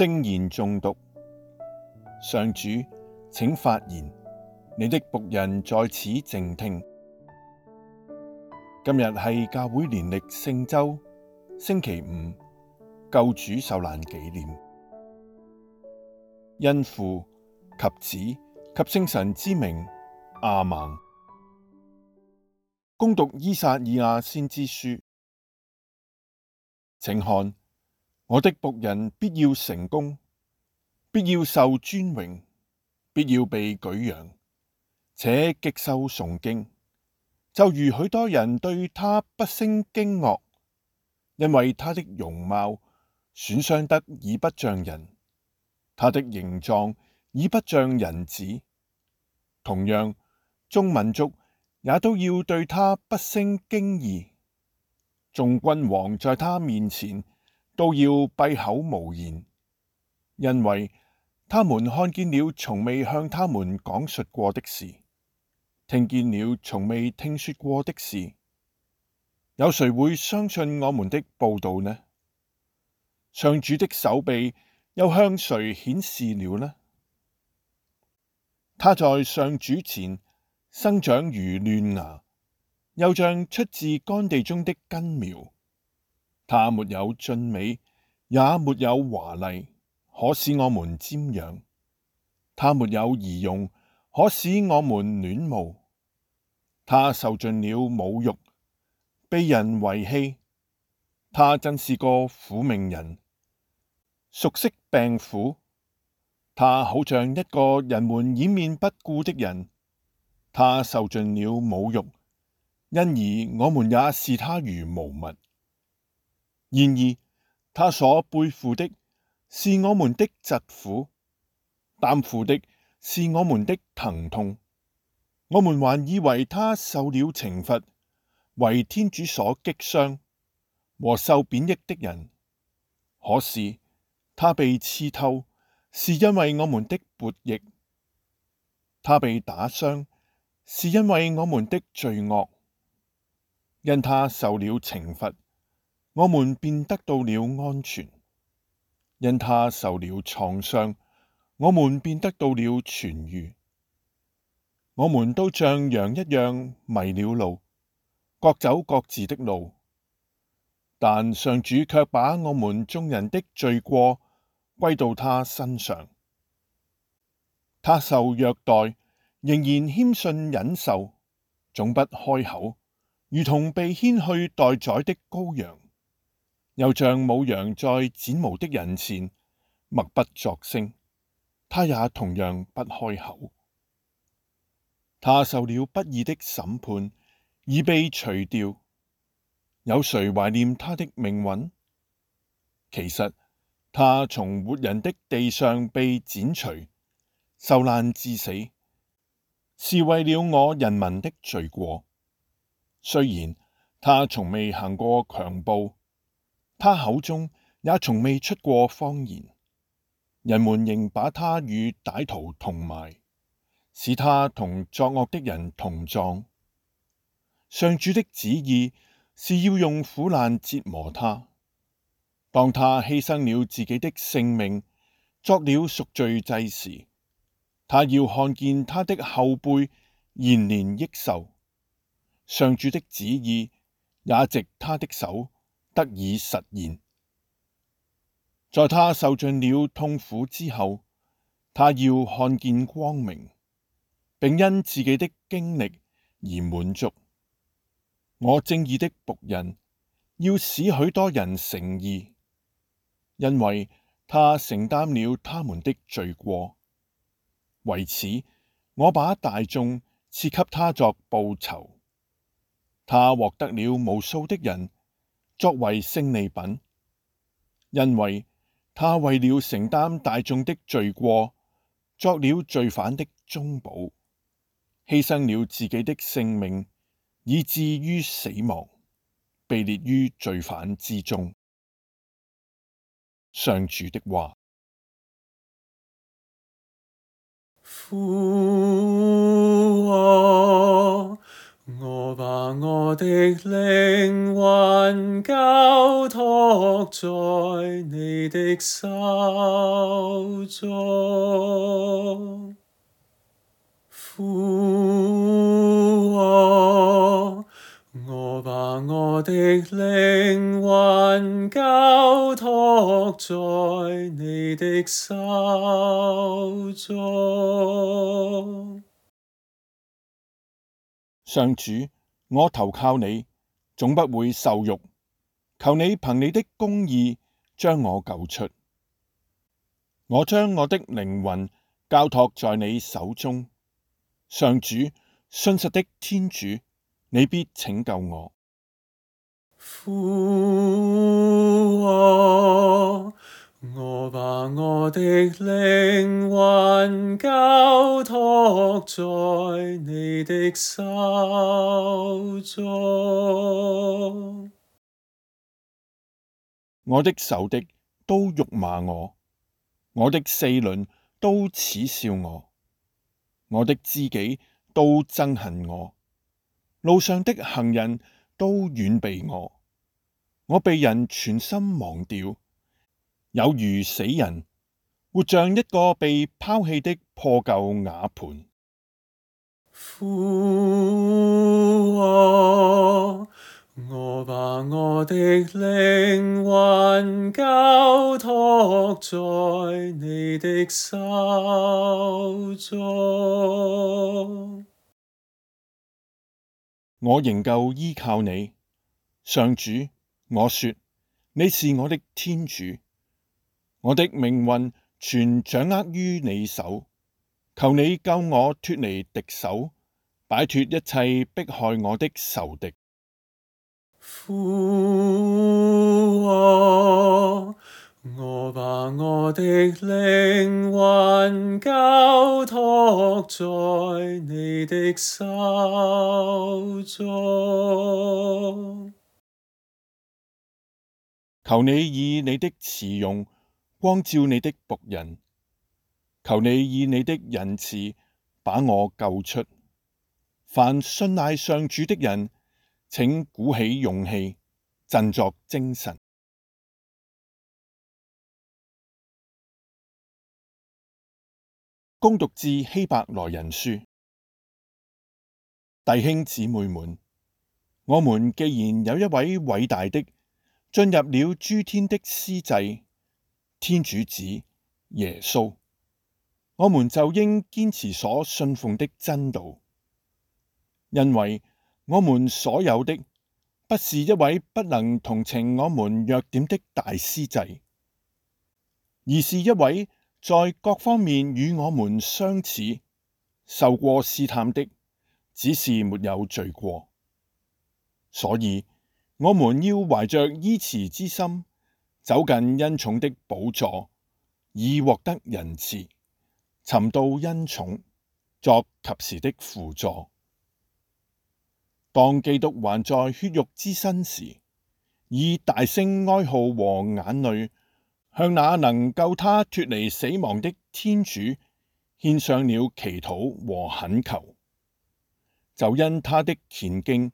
聖言誦讀，上主，請發言，你的僕人在此靜聽。今日係教會年曆聖周星期五，救主受難紀念，因父及子及聖神之名，阿們。恭讀依撒意亞先知書，請看。我的僕人必要成功，必要受尊榮，必要被舉揚，且極受崇敬。就如許多人對他不勝驚愕，因為他的容貌損傷得已不像人，他的形狀已不像人子。同樣，眾民族也都要對他不勝驚異，眾君王在他面前。都要閉口無言，因為他們看見了從未向他們講述過的事，聽見了從未聽說過的事。有誰會相信我們的報道呢？上主的手臂又向誰顯示了呢？他在上主前生長如嫩芽，又像出自乾地中的根苗。他沒有俊美，也沒有華麗，可使我們瞻仰；他沒有儀容，可使我們戀慕。他受盡了侮辱，被人遺棄。他真是個苦命人，熟悉病苦。他好像一個人們掩面不顧的人。他受盡了侮辱，因而我們也視他如無物。然而，他所背負的是我們的疾苦，擔負的是我們的疼痛。我們還以為他受了懲罰，為天主所擊傷和受貶抑的人。可是，他被刺透是因為我們的悖逆；他被打傷是因為我們的罪惡。因他受了懲罰。我們便得到了安全，因他受了創傷，我們便得到了痊愈。我們都像羊一樣迷了路，各走各自的路，但上主卻把我們眾人的罪過歸到他身上。他受虐待，仍然謙遜忍受，總不開口，如同被牽去待宰的羔羊。又像母羊在剪毛的人前，默不作聲，他也同樣不開口。他受了不義的審判，已被除掉。有誰懷念他的命運？其實他從活人的地上被剪除，受難至死，是為了我人民的罪過。雖然他從未行過強暴。他口中也從未出過謊言，人們仍把他與歹徒同埋，使他同作惡的人同葬。上主的旨意是要用苦難折磨他，當他犧牲了自己的性命作了贖罪祭時，他要看見他的後輩延年益壽。上主的旨意也藉他的手。得以實現。在他受盡了痛苦之後，他要看見光明，並因自己的經歷而滿足。我正義的僕人要使許多人成義，因為他承擔了他們的罪過。為此，我把大眾賜給他作報酬。他獲得了無數的人。作為勝利品，因為他為了承擔大眾的罪過，作了罪犯的中保，犧牲了自己的性命，以至於死亡，被列於罪犯之中。上主的話：父啊，我把我的靈，的手中，父啊，我把我的靈魂交託在你的手中。上主，我投靠你，總不會受辱。求你憑你的公義。將我救出，我將我的靈魂交託在你手中，上主，信實的天主，你必拯救我。父啊，我把我的靈魂交託在你的手中。我的仇敵都辱罵我，我的四鄰都恥笑我，我的知己都憎恨我，路上的行人都遠避我，我被人全心忘掉，有如死人，活像一個被拋棄的破舊瓦盆。父啊！我把我的靈魂交託在你的手中，我仍舊依靠你，上主。我說，你是我的天主，我的命運全掌握於你手。求你救我脫離敵手，擺脫一切迫害我的仇敵。父啊，我把我的靈魂交託在你的手中。求你以你的慈容光照你的僕人，求你以你的仁慈把我救出。凡信賴上主的人。請鼓起勇氣，振作精神。恭讀致希伯來人書，弟兄姊妹們，我們既然有一位偉大的，進入了諸天的司祭，天主子耶穌，我們就應堅持所信奉的真道，因為。我們所有的，不是一位不能同情我們弱點的大司祭，而是一位在各方面與我們相似，受過試探的，只是沒有罪過。所以我們要懷着依恃之心，走近恩寵的寶座，以獲得仁慈，尋到恩寵，作及時的扶助。當基督還在血肉之身時，以大聲哀號和眼淚向那能救他脱離死亡的天主獻上了祈禱和懇求，就因他的虔敬，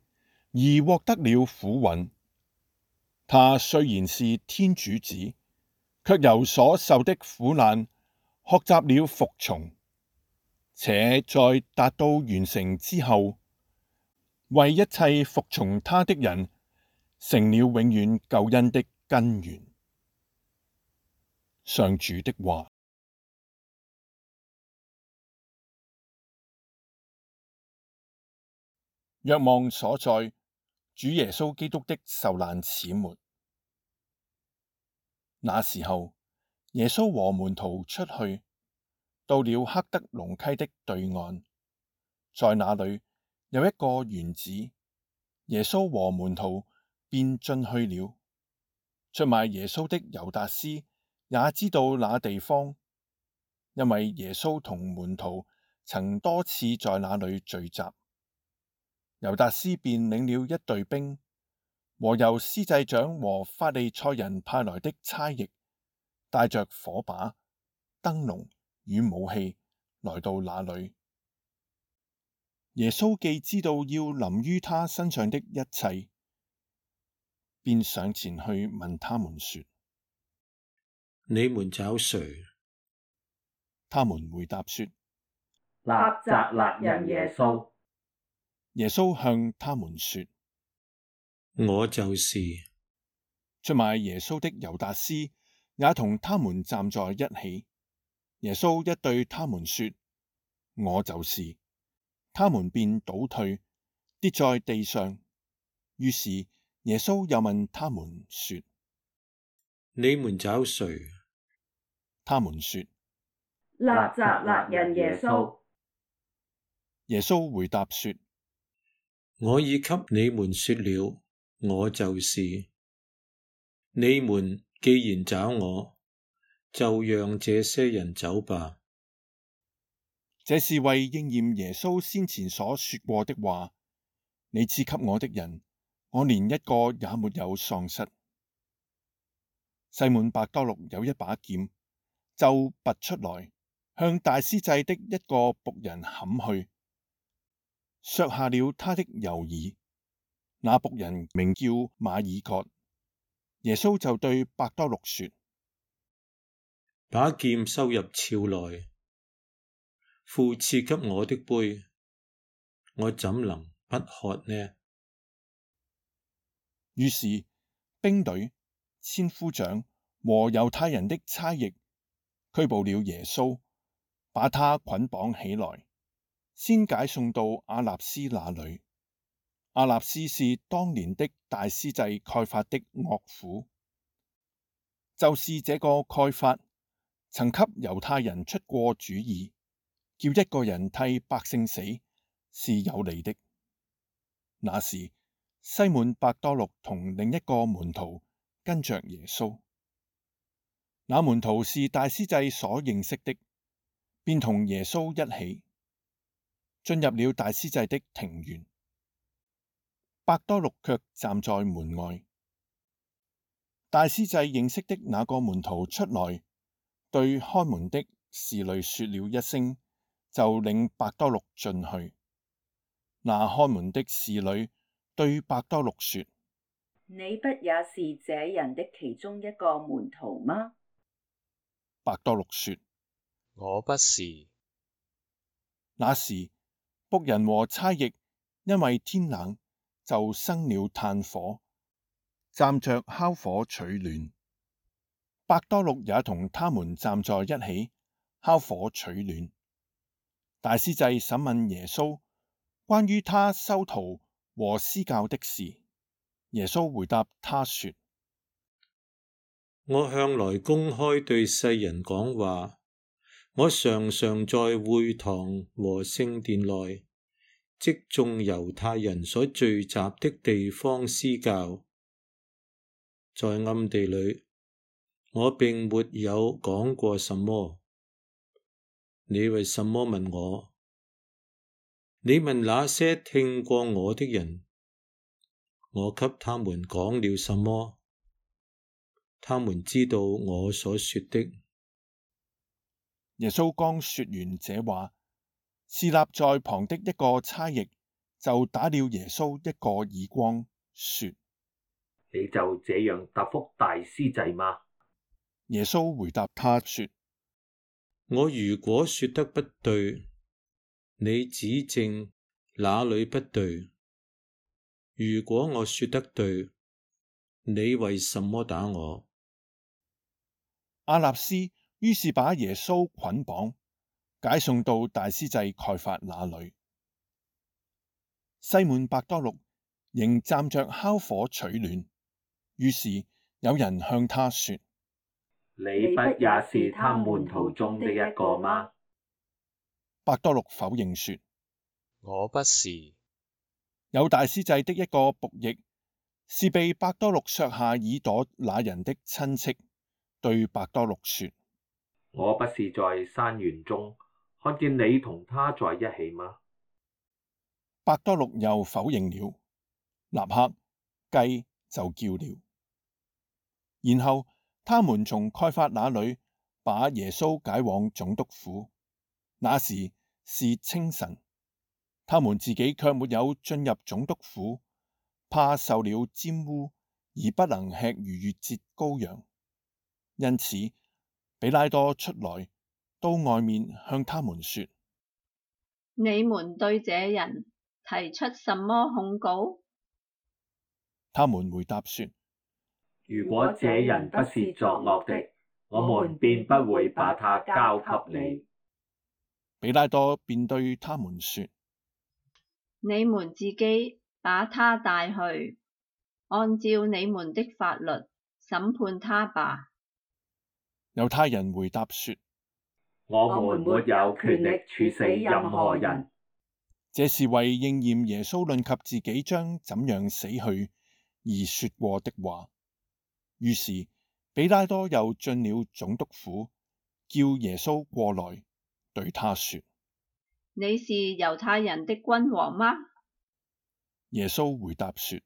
而獲得了俯允。他雖然是天主子，却由所受的苦難，學習了服從，且在達到完成之後。為一切服從他的人，成了永遠救恩的根源。上主的話，若望所載，主耶穌基督的受難始末。那時候，耶穌和門徒出去，到了克德龍溪的對岸，在那裏。有一個園子，耶穌和門徒便進去了。出賣耶穌的猶達斯也知道那地方，因為耶穌同門徒曾多次在那裡聚集。猶達斯便領了一隊兵和由司祭長和法利賽人派來的差役，帶着火把、燈籠與武器，來到那裡。耶穌既知道要臨於他身上的一切，便上前去問他們說：你們找誰？他們回答說：納匝肋人耶穌。耶穌向他們說：我就是。出賣耶穌的猶達斯也同他們站在一起。耶穌一對他們說：我就是。他們便倒退，跌在地上。於是耶穌又問他們說：你們找誰？他們說：納匝肋人耶穌。耶穌回答說：我已給你們說了，我就是。你們既然找我，就讓這些人走吧。這是為應驗耶穌先前所說過的話：你賜給我的人，我連一個也沒有喪失。西滿伯多祿有一把劍，就拔出來，向大司祭的一個僕人砍去，削下了他的右耳。那僕人名叫瑪耳曷。耶穌就對伯多祿說：把劍收入鞘內。父賜給我的杯，我怎能不喝呢？於是，兵隊、千夫長和猶太人的差役拘捕了耶穌，把他捆綁起來，先解送到亞納斯那裡。亞納斯是當年的大司祭蓋法的岳父，就是這個蓋法曾給猶太人出過主意。叫一個人替百姓死是有利的。那時，西滿伯多祿同另一個門徒跟着耶穌。那門徒是大司祭所認識的，便同耶穌一起進入了大司祭的庭園。伯多祿卻站在門外。大司祭認識的那個門徒出來，對開門的侍女說了一聲。就領伯多祿進去。那看門的侍女對伯多祿說：你不也是這人的其中一個門徒嗎？伯多祿說：我不是。那時僕人和差役因為天冷，就生了炭火，站着烤火取暖。伯多祿也同他們站在一起，烤火取暖。大師制審問耶穌關於他修徒和私教的事，耶穌回答他說：我向來公開對世人講話，我常常在會堂和聖殿內，即眾猶太人所聚集的地方施教，在暗地裏，我並沒有講過什麼。你為什麼問我？你問那些聽過我的人，我給他們講了什麼？他們知道我所說的。耶穌剛說完這話，侍立在旁的一個差役就打了耶穌一個耳光，說：你就這樣答復大司祭嗎？耶穌回答他說。.我如果說得不對，你指正哪裡不對？如果我說得對，你為什麼打我？亞納斯於是把耶穌捆綁，解送到大司祭蓋法那裏。西滿伯多祿仍站着烤火取暖，於是有人向他說。你不也是他門徒中的一個嗎？伯多祿否認說：我不是。有大司祭的一個僕役，是被伯多祿削下耳朵那人的親戚，對伯多祿說：我不是在山園中看見你同他在一起嗎？伯多祿又否認了，立刻雞就叫了，然後。他們從開發那裡把耶穌解往總督府，那時是清晨。他們自己卻沒有進入總督府，怕受了沾污，而不能吃逾越節羔羊。因此，比拉多出來到外面向他們說：你們對這人提出什麼控告他們回答說。如果這人不是作惡的，我們便不會把他交給你。比拉多便對他們說：你們自己把他帶去，按照你們的法律審判他吧。猶太人回答說：我們沒有權力處死任何人。這是為應驗耶穌論及自己將怎樣死去而說過的話。於是比拉多又進了總督府，叫耶穌過來，對他說：你是猶太人的君王嗎？耶穌回答說：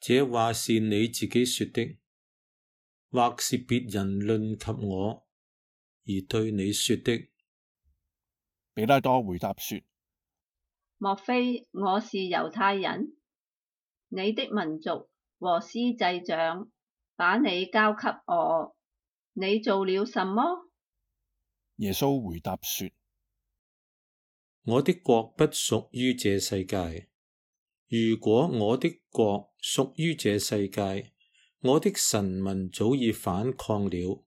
這話是你自己說的，或是別人論及我而對你說的？比拉多回答說：莫非我是猶太人？你的民族？和司祭長把你交給我，你做了什麼？耶穌回答說：我的國不屬於這世界。如果我的國屬於這世界，我的神民早已反抗了，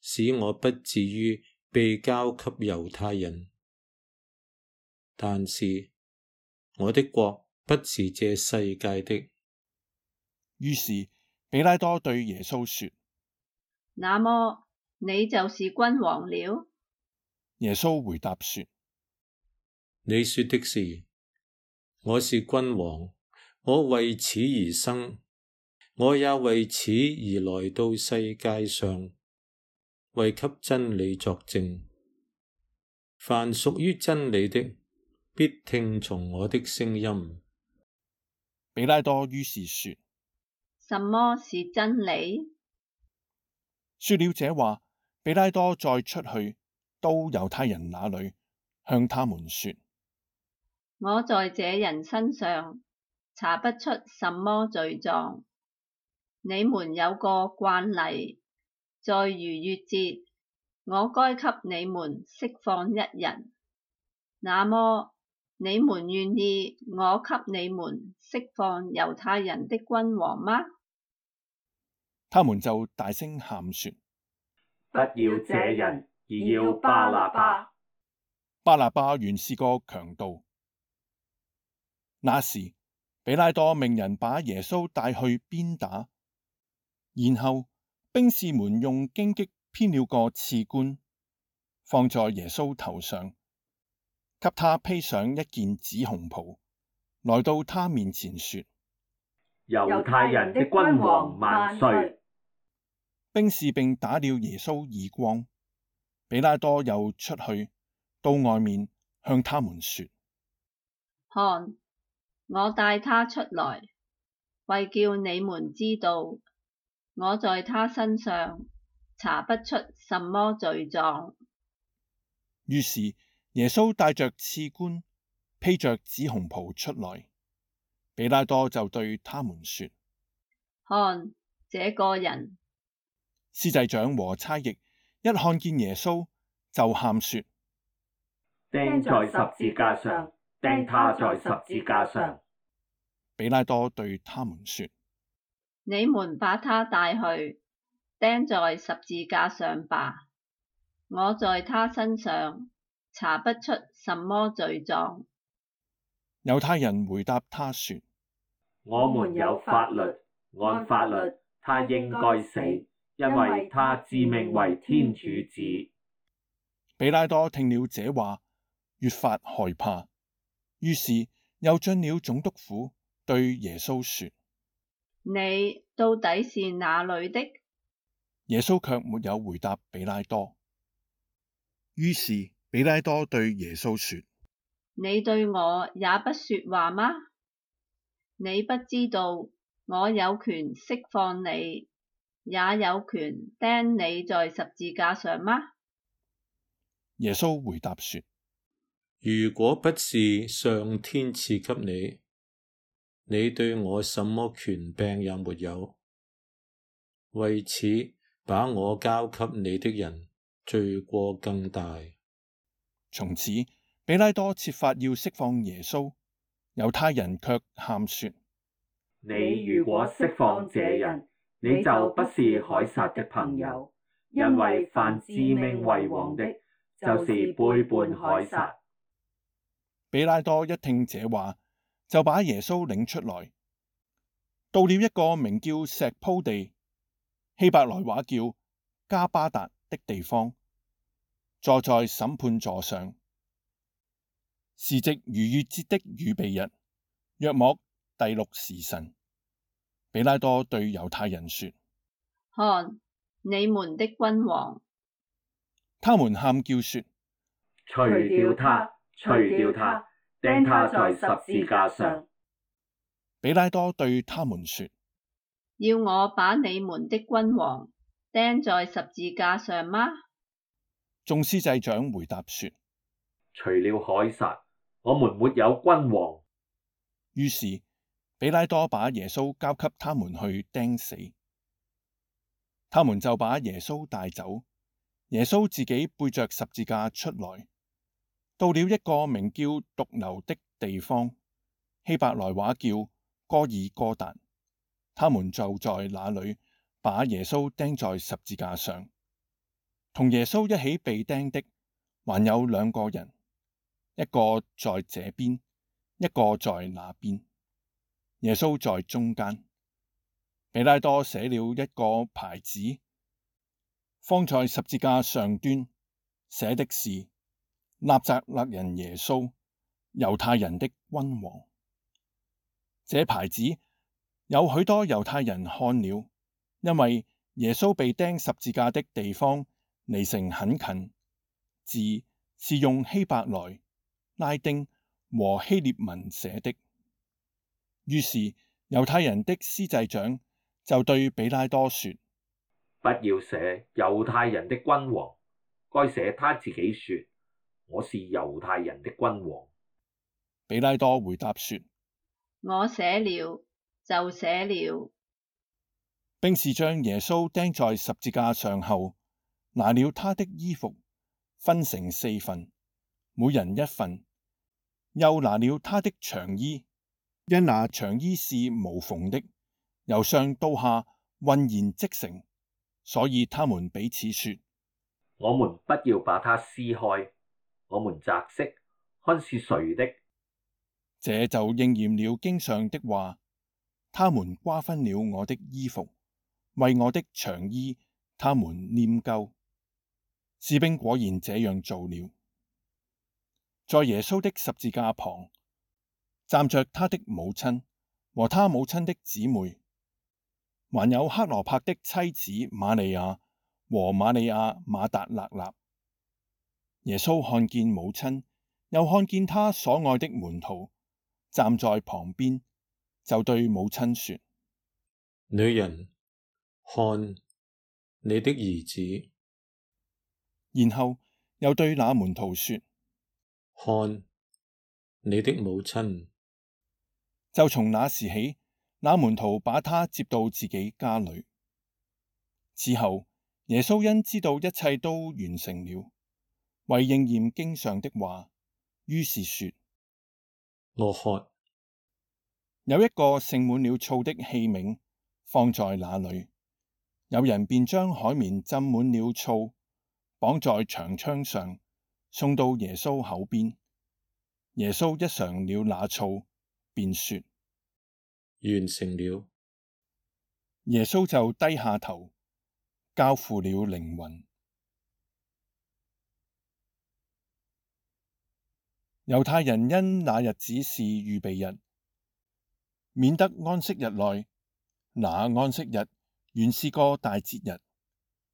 使我不至於被交給猶太人。但是我的國不是這世界的。於是比拉多對耶穌說：那麼你就是君王了。耶穌回答說：你說的是，我是君王，我為此而生，我也為此而來到世界上，為給真理作證。凡屬於真理的，必聽從我的聲音。比拉多於是說：什麼是真理？了說了這話，比拉多再出去到猶太人那裏，向他們說：我在這人身上查不出什麼罪狀。你們有個慣例，在逾越節，我該給你們釋放一人，那麼。你們願意我給你們釋放猶太人的君王嗎？他們就大聲喊說：不要這人，而要巴拿巴。巴拿巴原是個強盜。那時比拉多命人把耶穌帶去鞭打，然後兵士們用荊棘編了個刺冠，放在耶穌頭上。給他披上一件紫紅袍，來到他面前說：猶太人的君王萬歲！兵士並打了耶穌耳光。比拉多又出去到外面向他們說：看，我帶他出來，為叫你們知道我在他身上查不出什麼罪狀。於是。耶穌帶着刺冠，披着紫紅袍出來。比拉多就對他們說：看這個人。司祭長和差役一看見耶穌，就喊說：釘在十字架上！釘他在十字架上！比拉多對他們說：你們把他帶去釘在十字架上吧。我在他身上。查不出什麼罪狀。猶太人回答他說：我們有法律，按法律他應該死，因為他自命為天主子。比拉多聽了這話，越發害怕，於是又進了總督府，對耶穌說：你到底是哪裏的？耶穌卻沒有回答比拉多。於是，比拉多對耶穌說：你對我也不說話嗎？你不知道我有權釋放你，也有權釘你在十字架上嗎？耶穌回答說：如果不是上天賜給你，你對我什麼權柄也沒有。為此，把我交給你的人罪過更大。從此，比拉多設法要釋放耶穌，猶太人却喊說：你如果釋放這人，你就不是凱撒的朋友，因為凡自命為王的，就是背叛凱撒。比拉多一聽這話，就把耶穌領出來，到了一個名叫石鋪地（希伯來話叫加巴達）的地方。坐在審判座上，時值逾越節的預備日，約莫第六時辰，比拉多對猶太人說：看，你們的君王。他們喊叫說：除掉他，除掉他，釘他在十字架上。比拉多對他們說：要我把你們的君王釘在十字架上嗎？眾司祭長回答說：除了凱撒，我們沒有君王。於是比拉多把耶穌交給他們去釘死。他們就把耶穌帶走。耶穌自己背着十字架出來，到了一個名叫髑髏的地方，希伯來話叫哥爾哥達，他們就在那裏把耶穌釘在十字架上。同耶穌一起被釘的還有兩個人，一個在這邊，一個在那邊。耶穌在中間。比拉多寫了一個牌子，放在十字架上端，寫的是“納匝肋人耶穌，猶太人的君王”。這牌子有許多猶太人看了，因為耶穌被釘十字架的地方。離城很近，字是用希伯來、拉丁和希臘文寫的。於是猶太人的司祭長就對比拉多說：不要寫猶太人的君王，該寫他自己說我是猶太人的君王。比拉多回答說：我寫了就寫了，兵士將耶穌釘在十字架上後，拿了他的衣服，分成四份，每人一份。又拿了他的長衣，因那長衣是無縫的，由上到下渾然織成，所以他們彼此說：我們不要把它撕開，我們擲骰看是誰的。這就應驗了經上的話：他們瓜分了我的衣服，為我的長衣，他們拈鬮。士兵果然這樣做了。在耶穌的十字架旁，站着他的母親和他母親的姊妹，還有克羅帕的妻子瑪利亞和瑪利亞馬達勒納。耶穌看見母親，又看見他所愛的門徒站在旁邊，就對母親說：女人，看你的兒子。然後又對那門徒說：看你的母親！就從那時起，那門徒把他接到自己家裏。此後，耶穌因知道一切都完成了，為應驗經上的話，於是說：我渴，有一個盛滿了醋的器皿放在那裏，有人便將海綿浸滿了醋。綁在長槍上，送到耶穌口邊。耶穌一嘗了那醋，便說：完成了。耶穌就低下頭，交付了靈魂。猶太人因那日子是預備日，免得安息日內，那安息日原是個大節日。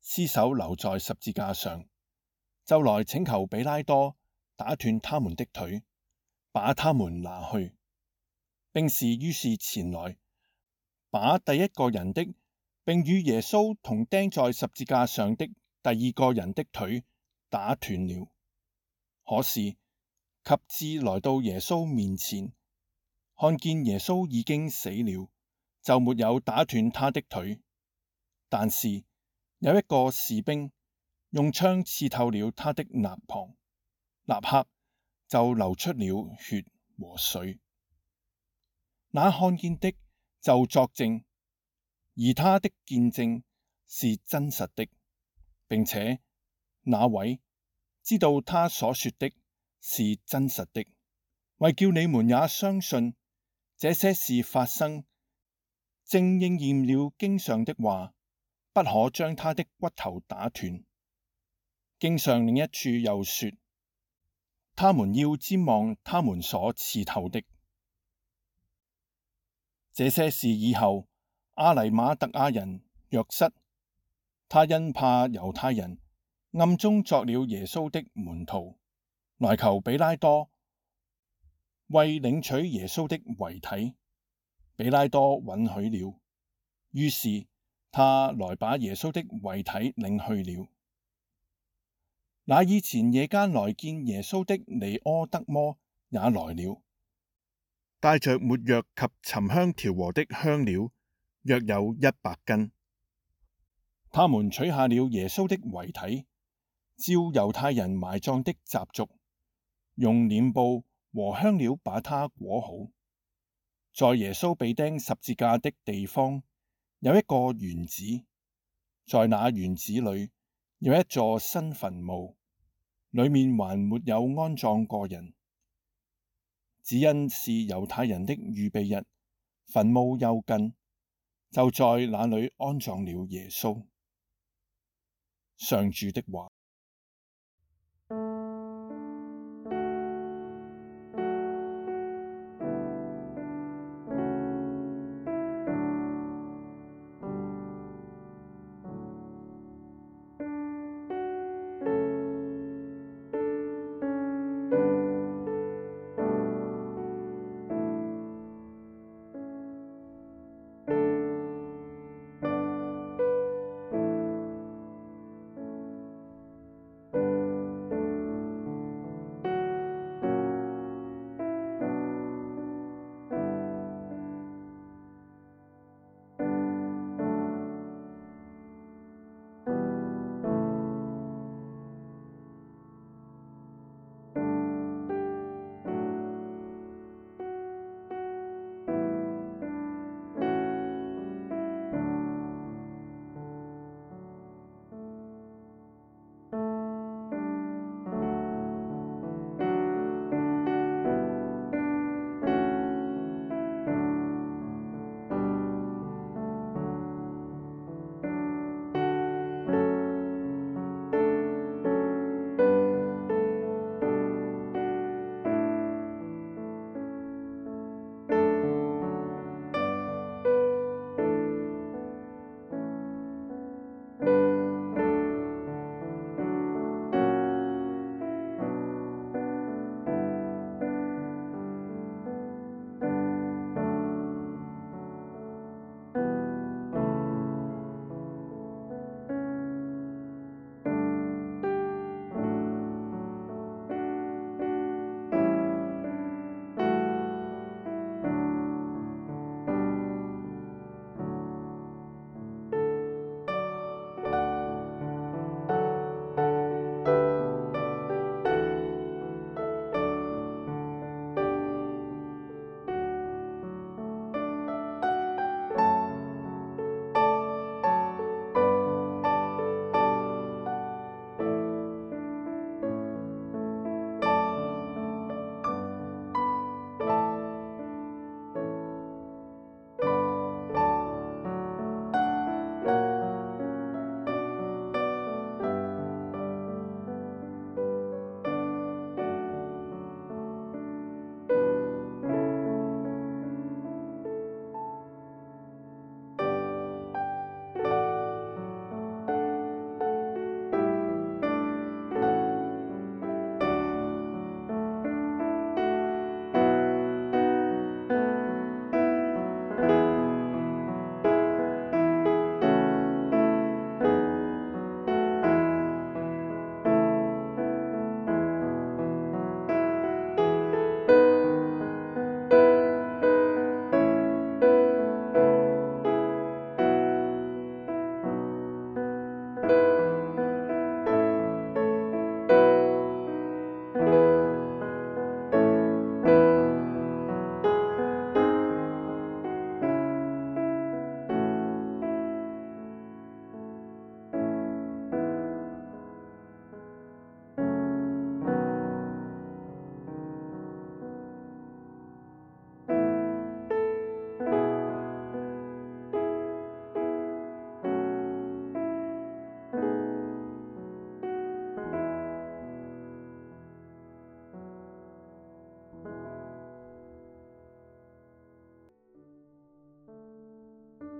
屍首留在十字架上，就來請求比拉多打斷他們的腿，把他們拿去，兵士於是前來把第一個人的，並與耶穌同釘在十字架上的第二個人的腿打斷了。可是及至來到耶穌面前，看見耶穌已經死了，就沒有打斷他的腿，但是。有一個士兵用槍刺透了他的肋旁，立刻就流出了血和水。那看見的就作證，而他的見證是真實的，並且那位知道他所說的是真實的，為叫你們也相信。這些事發生，正應驗了經上的話，不可將他的骨頭打斷。經上另一處又說，他們要瞻望他們所刺透的。這些事以後，阿黎瑪特亞人若失，他因怕猶太人，暗中作了耶穌的門徒，來求比拉多為領取耶穌的遺體，比拉多允許了。於是，他來把耶穌的遺體領去了。那以前夜間來見耶穌的尼苛德摩也來了，帶着沒藥及沉香調和的香料，約有一百斤。他們取下了耶穌的遺體，照猶太人埋葬的習俗，用殮布和香料把它裹好，在耶穌被釘十字架的地方，有一個園子，在那園子裏有一座新墳墓，裏面還沒有安葬過人，只因是猶太人的預備日，墳墓又近，就在那裏安葬了耶穌。上主的話。